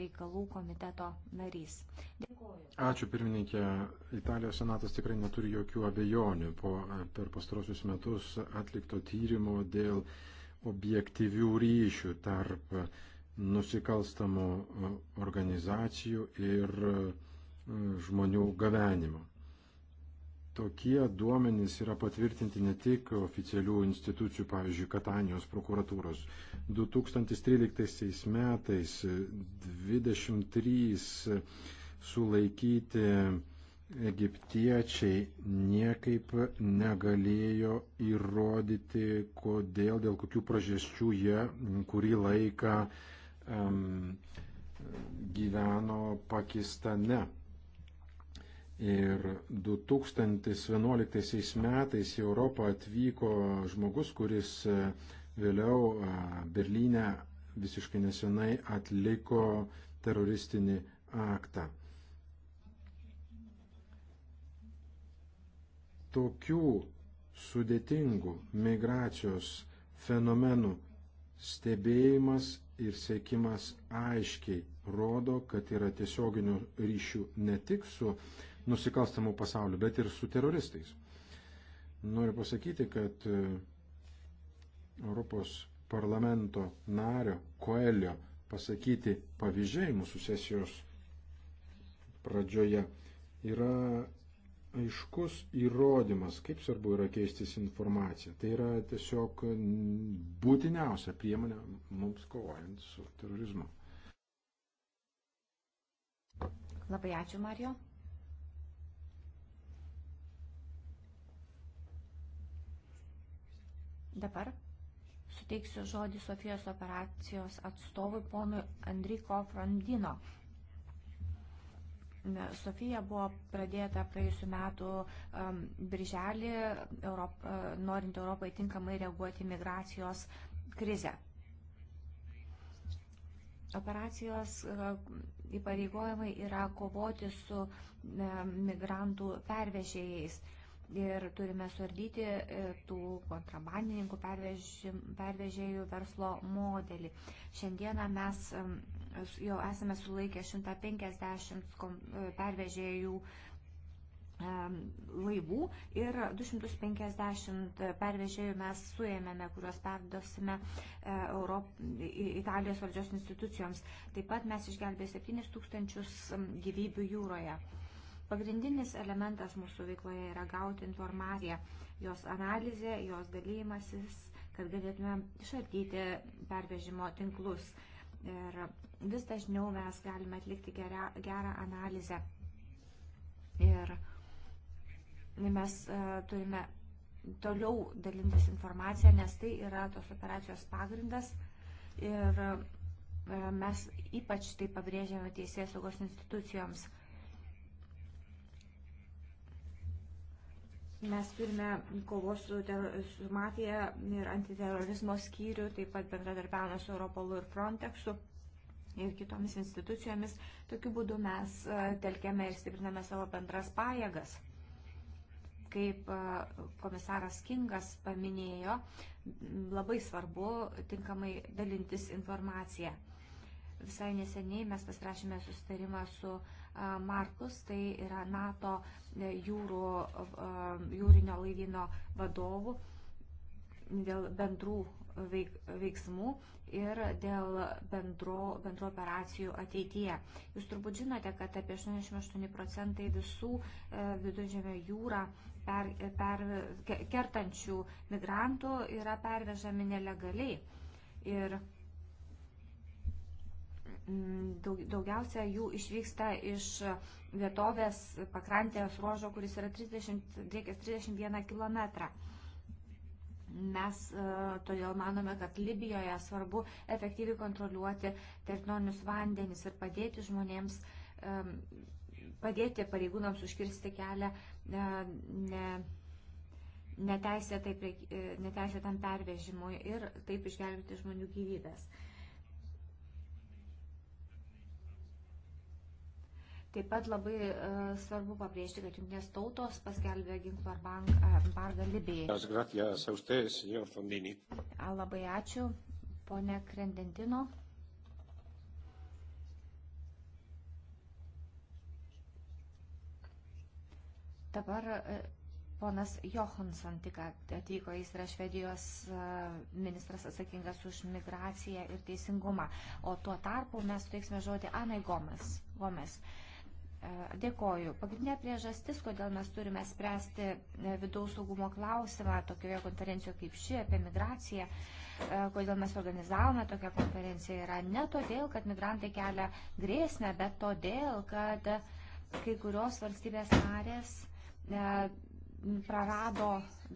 reikalų komiteto narys. Dėkuoju. Ačiū pirmininkė. Italijos senatas tikrai neturi jokių abejonių po, per pastarosius metus atlikto tyrimo dėl uh, objektyvių ryšių tarp nusikalstamų e, organizacijų ir e, žmonių gavenimo. Tokie duomenys yra patvirtinti ne tik oficialių institucijų, pavyzdžiui, Katanijos prokuratūros. 2013 metais 23 sulaikyti egiptiečiai niekaip negalėjo įrodyti, kodėl, dėl kokių priežasčių jie kurį laiką um, gyveno Pakistane. Ir 2011 metais į Europą atvyko žmogus, kuris e, vėliau Berlyne visiškai nesenai atliko teroristinį aktą. tokių sudėtingų migracijos fenomenų stebėjimas ir sėkimas aiškiai rodo, kad yra tiesioginių ryšių ne tik su nusikalstamu pasauliu, bet ir su teroristais. Noriu pasakyti, kad e, Europos parlamento nario Koelio pasakyti pavyzdžiai mūsų sesijos pradžioje yra aiškus įrodymas, kaip svarbu yra keistis informacija. Tai yra tiesiog būtiniausia priemonė mums kovojant su terorizmu. Labai ačiū, Mario. Dabar suteiksiu žodį Sofijos operacijos atstovui ponui Andriko Frandino. Sofija buvo pradėta praėjusiu metu um, birželį, Europ, uh, norint Europai tinkamai reaguoti migracijos krizę. Operacijos uh, įpareigojimai yra kovoti su uh, migrantų pervežėjais. Ir turime suardyti e, tų kontrabandininkų pervež, pervežėjų verslo modelį. Šiandieną mes um, jau esame sulaikę 150 e, pervežėjų laivų ir 250 e, pervežėjų mes suėmėme, kuriuos perdosime e, Europ... Italijos valdžios institucijoms. Taip pat mes išgelbėjome 7 tūkstančius gyvybių jūroje. Pagrindinis elementas mūsų veikloje yra gauti informaciją, jos analizė, jos dalymasis, kad galėtume išardyti pervežimo tinklus. Ir vis dažniau mes galime atlikti gerą, gerą analizę. Ir mes e, turime toliau dalintis informaciją, nes tai yra tos operacijos pagrindas. Ir e, mes ypač tai pabrėžiame teisės saugos institucijoms. Mes turime kovos su, su mafija ir antiterorizmo skyrių, taip pat bendradarbiavome su Europolu ir Frontexu ir kitomis institucijomis. Tokiu būdu mes telkėme ir stipriname savo bendras pajėgas. Kaip komisaras Kingas paminėjo, labai svarbu tinkamai dalintis informaciją. Visai neseniai mes pasirašėme sustarimą su uh, Markus, tai yra NATO e, jūrų, jūrinio laivyno vadovų dėl bendrų veik, veiksmų ir dėl bendro, bendro operacijų ateityje. Jūs turbūt žinote, kad apie 88 procentai visų e, viduržėmio jūrą per, per, kertančių migrantų yra pervežami nelegaliai. Ir daug, daugiausia jų išvyksta iš vietovės pakrantės ruožo, kuris yra 30, 31 km. Mes e, todėl manome, kad Libijoje svarbu efektyviai kontroliuoti teritorinius vandenis ir padėti žmonėms, e, padėti pareigūnams užkirsti kelią e, ne, neteisėtam pervežimui ir taip išgelbėti žmonių gyvybės. Taip pat labai uh, svarbu pabrėžti, kad jungtinės tautos paskelbė ginklų embargą Libijai. Labai ačiū, ponė Krendentino. Dabar e, ponas Johansson tik atvyko, jis yra Švedijos e, ministras atsakingas už migraciją ir teisingumą. O tuo tarpu mes suteiksime žodį Anai Gomes. Gomes. Uh, E, dėkoju. Pagrindinė priežastis, kodėl mes turime spręsti e, vidaus saugumo klausimą tokioje konferencijoje kaip ši apie migraciją, e, kodėl mes organizavome tokią konferenciją, yra ne todėl, kad migrantai kelia grėsmę, bet todėl, kad kai kurios valstybės narės prarado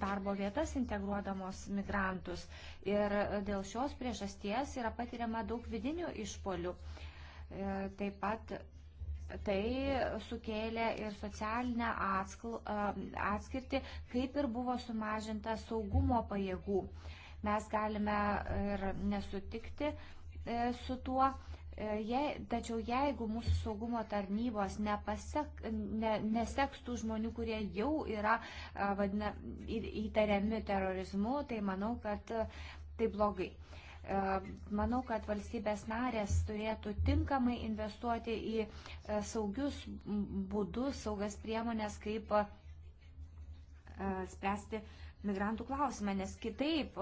darbo vietas integruodamos migrantus. Ir dėl šios priežasties yra patiriama daug vidinių išpolių. Taip pat Tai sukėlė ir socialinę atskl, atskirtį, kaip ir buvo sumažinta saugumo pajėgų. Mes galime ir nesutikti e, su tuo, e, Je, tačiau jeigu mūsų saugumo tarnybos nepasek, ne, neseks tų žmonių, kurie jau yra vadina, įtariami terorizmu, tai manau, kad e, tai blogai. E, manau, kad valstybės narės turėtų tinkamai investuoti į e, saugius būdus, saugas priemonės, kaip e, spręsti migrantų klausimą, nes kitaip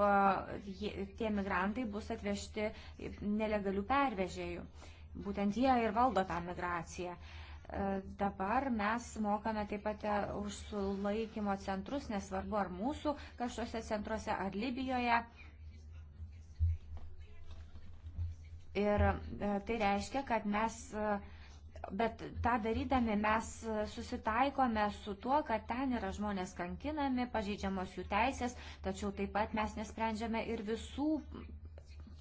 tie migrantai bus atvežti nelegalių pervežėjų. Būtent jie ir valdo tą migraciją. Dabar mes mokame taip pat už sulaikymo centrus, nesvarbu ar mūsų kažkose centruose, ar Libijoje Ir e, tai reiškia, kad mes, e, bet tą darydami mes e, susitaikome su tuo, kad ten yra žmonės kankinami, pažeidžiamos jų teisės, tačiau taip pat mes nesprendžiame ir visų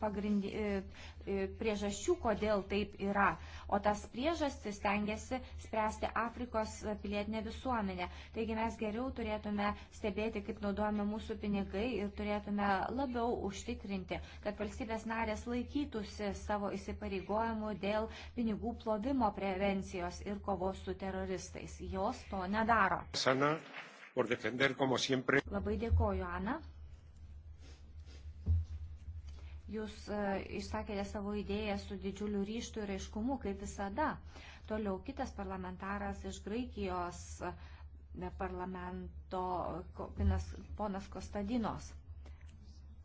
pagrindi, e, e, priežasčių, kodėl taip yra. O tas priežastis tengiasi spręsti Afrikos pilietinė visuomenė. Taigi mes geriau turėtume stebėti, kaip naudojame mūsų pinigai ir turėtume labiau užtikrinti, kad valstybės narės laikytųsi savo įsipareigojimų dėl pinigų plovimo prevencijos ir kovos su teroristais. Jos to nedaro. Sana, Labai dėkoju, Ana. Jūs e, išsakėte savo idėją su didžiuliu ryštu ir aiškumu, kaip visada. Toliau kitas parlamentaras iš Graikijos e, parlamento, pinas, ponas Kostadinos.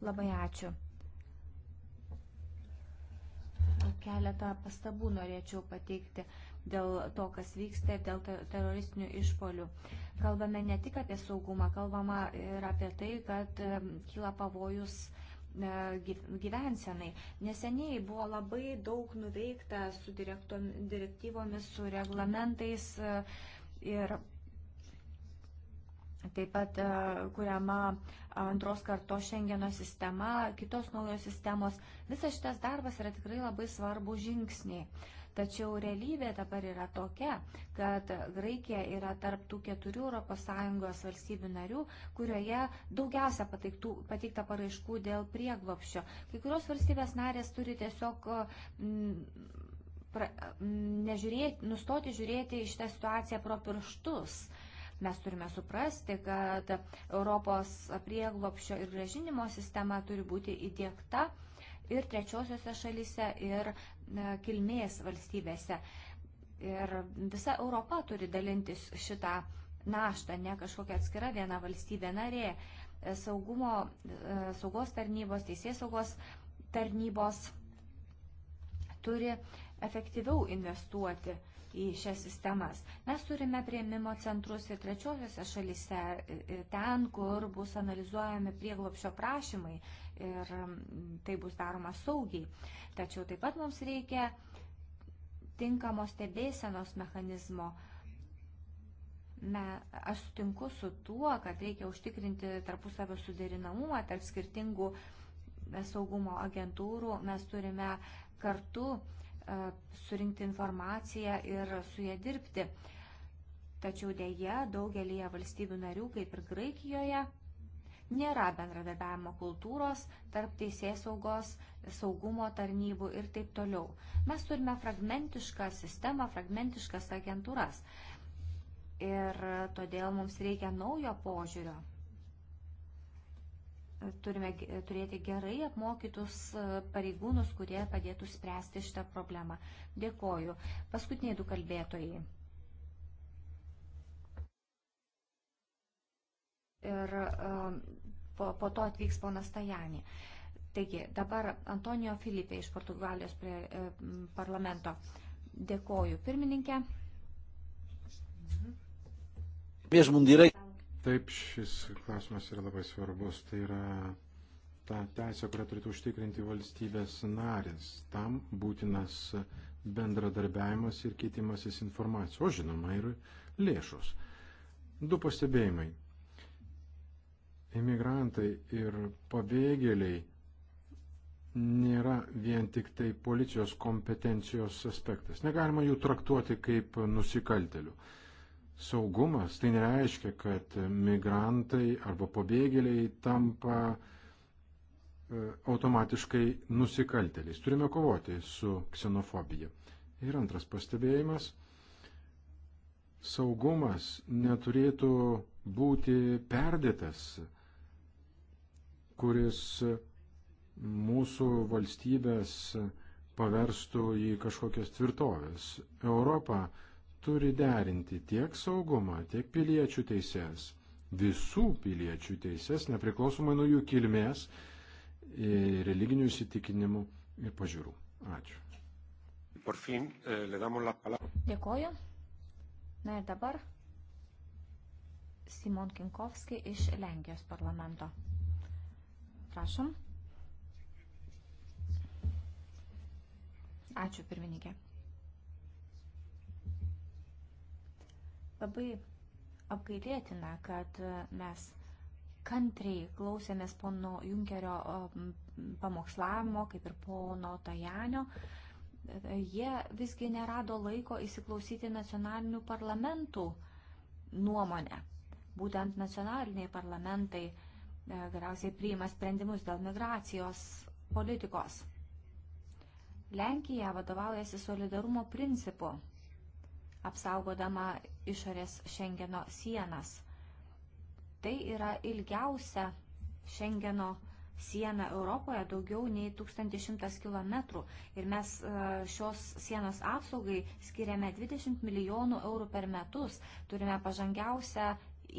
Labai ačiū. Keletą pastabų norėčiau pateikti dėl to, kas vyksta ir dėl teroristinių išpolių. Kalbame ne tik apie saugumą, kalbama ir apie tai, kad e, kyla pavojus E, gyvensenai. Neseniai buvo labai daug nuveikta su direktyvomis, su reglamentais e, ir taip pat e, kuriama antros kartos šengeno sistema, kitos naujos sistemos. Visas šitas darbas yra tikrai labai svarbu žingsniai. Tačiau realybė dabar yra tokia, kad Graikija yra tarptų keturių ES valstybių narių, kurioje daugiausia pateiktų, pateikta paraiškų dėl prieglopščio. Kai kurios valstybės narės turi tiesiog. Mm, pra, mm, Nežiūrėti, nustoti žiūrėti iš tą situaciją pro pirštus mes turime suprasti, kad Europos prieglopščio ir gražinimo sistema turi būti įdėkta ir trečiosiuose šalyse, ir kilmės valstybėse. Ir visa Europa turi dalintis šitą naštą, ne kažkokia atskira viena valstybė narė. Saugumo, e, saugos tarnybos, teisės saugos tarnybos turi efektyviau investuoti į šias sistemas. Mes turime prieimimo centrus ir trečiosiuose šalise, ten, kur bus analizuojami prieglopšio prašymai ir tai bus daroma saugiai. Tačiau taip pat mums reikia tinkamos stebėsenos mechanizmo. Me, aš sutinku su tuo, kad reikia užtikrinti tarpusavio suderinamumą tarp skirtingų e, saugumo agentūrų. Mes turime kartu uh, E, surinkti informaciją ir su ją dirbti. Tačiau dėje daugelie valstybių narių, kaip ir Graikijoje, nėra bendradarbiavimo kultūros tarp teisės saugos, saugumo tarnybų ir taip toliau. Mes turime fragmentišką sistemą, fragmentiškas agentūras. Ir todėl mums reikia naujo požiūrio turime turėti gerai apmokytus e, pareigūnus, kurie padėtų spręsti šitą problemą. Dėkoju. Paskutiniai du kalbėtojai. Ir e, po, po to atvyks ponas Tajani. Taigi, dabar Antonijo Filipė iš Portugalijos prie, e, parlamento. Dėkoju, pirmininkė. Mesmo um direito Taip, šis klausimas yra labai svarbus. Tai yra ta teisė, kurią turėtų užtikrinti valstybės narės. Tam būtinas bendradarbiavimas ir keitimasis informacijos, o žinoma ir lėšos. Du pastebėjimai. Imigrantai ir pabėgėliai nėra vien tik tai policijos kompetencijos aspektas. Negalima jų traktuoti kaip nusikaltelių saugumas tai nereiškia, kad migrantai arba pabėgėliai tampa e, automatiškai nusikaltėliais. Turime kovoti su ksenofobija. Ir antras pastebėjimas. Saugumas neturėtų būti perdėtas, kuris mūsų valstybės paverstų į kažkokias tvirtovės. Europą turi derinti tiek saugumą, tiek piliečių teises, visų piliečių teises, nepriklausomai nuo jų kilmės, e, religinių įsitikinimų ir pažiūrų. Ačiū. Eh, Dėkoju. Na ir dabar Simon Kinkovski iš Lenkijos parlamento. Prašom. Ačiū pirmininkė. Labai apgailėtina, kad e, mes kantriai klausėmės pono Junkerio pamokslavimo, kaip ir pono Tajanio. E, jie visgi nerado laiko įsiklausyti nacionalinių parlamentų nuomonę. Būtent nacionaliniai parlamentai e, galiausiai priima sprendimus dėl migracijos politikos. Lenkija vadovaujasi solidarumo principu apsaugodama išorės Šengeno sienas. Tai yra ilgiausia Šengeno siena Europoje daugiau nei 1100 km ir mes e, šios sienos apsaugai skiriame 20 milijonų eurų per metus, turime pažangiausią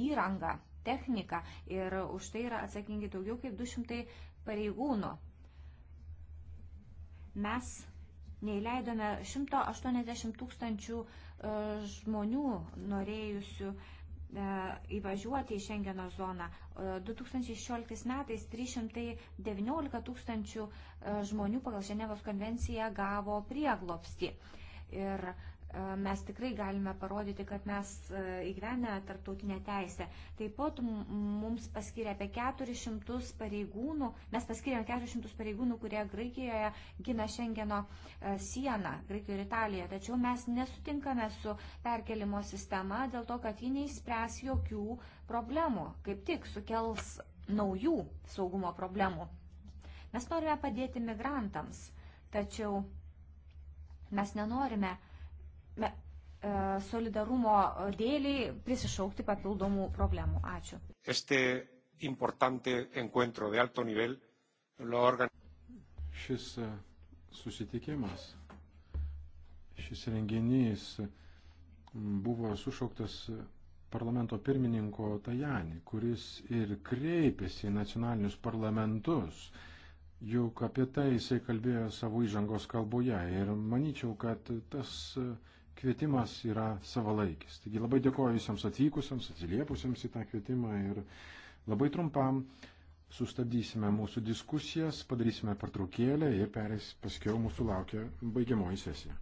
įrangą, techniką ir už tai yra atsakingi daugiau kaip 200 pareigūnų. Mes neįleidome 180 tūkstančių e, žmonių norėjusių e, įvažiuoti į Šengeno zoną. 2016 e, metais 319 tūkstančių žmonių pagal Ženevos konvenciją gavo prieglopstį. Ir E, mes tikrai galime parodyti, kad mes e, įgyvenę tarptautinę teisę. Taip pat mums paskiria apie 400 pareigūnų, mes paskiriam 400 pareigūnų, kurie Graikijoje gina Šengeno e, sieną, Graikijoje ir Italijoje. Tačiau mes nesutinkame su perkelimo sistema dėl to, kad ji neįspręs jokių problemų, kaip tik sukels naujų saugumo problemų. Mes norime padėti migrantams, tačiau mes nenorime me, e, solidarumo dėliai prisišaukti papildomų problemų. Ačiū. Este importante encuentro de alto nivel lo organ... Šis e, susitikimas, šis renginys buvo sušauktas parlamento pirmininko Tajani, kuris ir kreipėsi į nacionalinius parlamentus, juk apie tai jisai kalbėjo savo įžangos kalboje ir manyčiau, kad tas uh, kvietimas yra savalaikis. Taigi labai dėkoju visiems atvykusiems, atsiliepusiems į tą kvietimą ir labai trumpam sustabdysime mūsų diskusijas, padarysime pertraukėlę ir perės paskiau mūsų laukia baigiamoji sesija.